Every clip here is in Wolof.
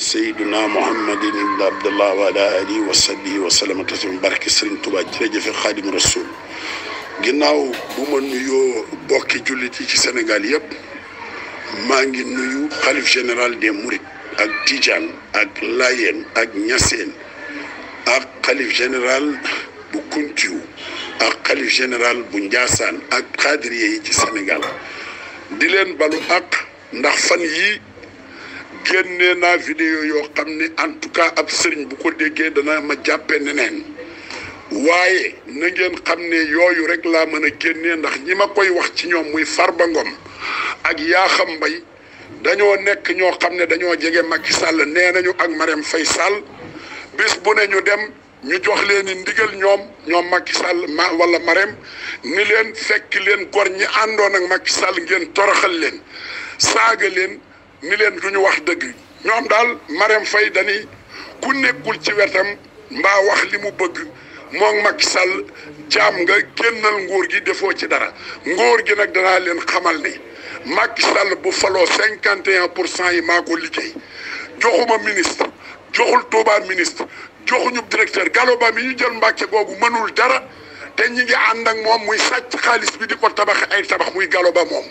sayyiduna muhammadin ibn abdullah wa ala alihi wa sahbihi wa sallam taslim barke sëriñ Tuubaa jërëjëfe xaadim rasul ginnaaw bu ma nuyoo bokki jullit yi ci Sénégal yëpp maa ngi nuyu xalif général des Mourides ak Tidiane ak Layeen ak Ñaseen ak xalif général bu Kuntiw ak xalif général bu Njaasaan ak xaadiriye yi ci Sénégal di leen balu ak ndax fan yii génne naa vidéo yoo xam ne en ab sëriñ bu ko déggee dana ma jàppe neneen waaye na xam ne yooyu rek laa mën a génne ndax ñi ma koy wax ci ñoom muy Farba Ngom ak yaaxam mbay dañoo nekk ñoo xam ne dañoo jege Macky sàll nee nañu ak Marème Faye Sall bis bu ne ñu dem ñu jox leen i ndigal ñoom ñoom Macky sàll ma wala Marème ni leen fekk leen gor ñi àndoon ak Macky Sall ngeen toroxal leen saaga leen. ni leen ñu wax dëgg ñoom daal Marème fay dañuy ku nekkul ci wetam mbaa wax li mu bëgg moom Macky Sall jaam nga génnal nguur gi defoo ci dara ngóor gi nag danaa leen xamal ni Macky Sall bu faloo cinquante et pour cent yi maa ko liggéey joxuma ministre joxul Touba ministre joxuñu directeur Gallo Ba mi ñu jël Mbàkke googu mënul dara te ñi ngi ànd ak moom muy sàcc xaalis bi di ko tabax ay tabax muy galo ba moom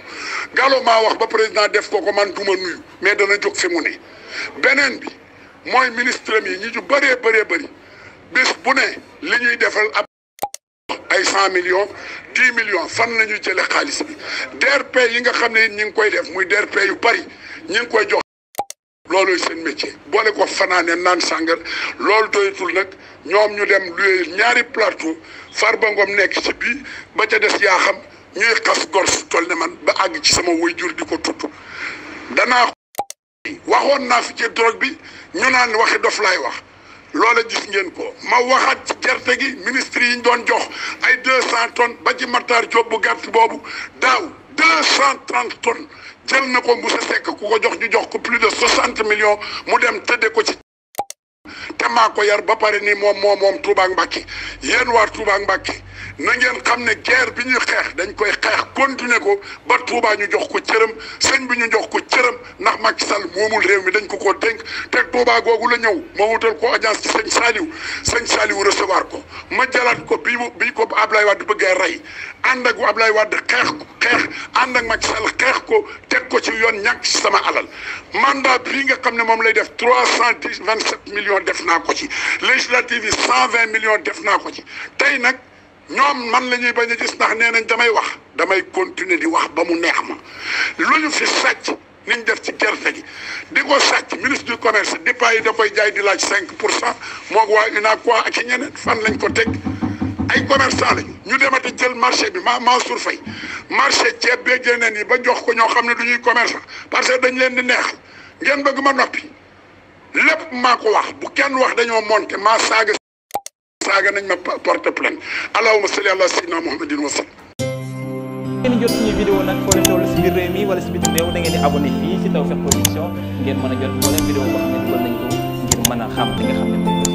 galo ma wax ba président def ko ko man duma nuyu mais dana jóg fi mu ne beneen bi mooy ministre yi ñi ju bëree bëree bari bés bu ne li ñuy defal ab ay cent millions dix millions fan la ñu jële xaalis bi DRP yi nga xam ne it ñi ngi koy def muy DRP yu bari ñi ngi koy jox loolooy seen métier boole ko fanaane naan sàngar loolu doyatul nag ñoom ñu dem luy ñaari plateau ba Ngom nekk ci bii ba ca des yaa xam ñuy xas gor su toll ne man ba àgg ci sama waajur di ko tudd danaa waxoon naa fi ci drogue bi ñu naan waxi dof laay wax loola gis ngeen ko ma waxaat ci gerte gi ministre yi ñu doon jox ay deux cent tonnes ba ci Matar Diop bu gàtt boobu daaw deux cent trente tonnes jël na ko Moussa Seck ku ko jox ñu jox ko plus de soixante millions mu dem tëddee ko ci maa ko yar ba pare nii moom moom moom Touba ak Mbacké yéen waa Touba ak na ngeen xam ne guerre bi ñuy xeex dañ koy xeex continuer ko ba Touba ñu jox ko cërëm sëñ bi ñu jox ko cërëm ndax Macky Sall moomul réew mi dañ ko ko dénk te Touba googu la ñëw ma wutal ko audience ci sëñ Saliou sëñ Saliou recevoir ko ma jalaat ko bi bii ko Ablaye Wade bëggee rey ànd ak Ablaye Wade xeex xeex ànd ak Macky Sall xeex ko teg ko ci yoon ñàkk ci sama alal mandat bii nga xam ne moom lay def trois cent dix vingt sept millions def naa naa ko ci législative yi cent vingt millions def naa ko ci tey nag ñoom man la ñuy bañ a gis ndax nee nañ damay wax damay continuer di wax ba mu neex ma lu ñu fi sàcc niñ def ci gerte gi di ko sàcc ministre du commerce dépôt yi da koy jaay di laaj cinq pour cent moo ko waa UNACOIS ak i ñeneen fan lañ ko teg ay commerçant lañu ñu demati jël marché bi ma Mansour Faye marché ceeb bee yeneen yi ba jox ko ñoo xam ne du ñuy commerçant parce que dañ leen di neexal ngeen bëgg ma lépp maa ko wax bu kenn wax dañoo monte maa saaga saaga nañ ma porte plainte allahumma salli ala sayyidina muhammadin wa sallam ngeen jot suñu vidéo nag foo leen si biir réew wala si bitim réew da di abonné fii si Tawfekh Production ngeen mën a jot moo leen vidéo boo xam ne dugal nañ ko a xam li nga xam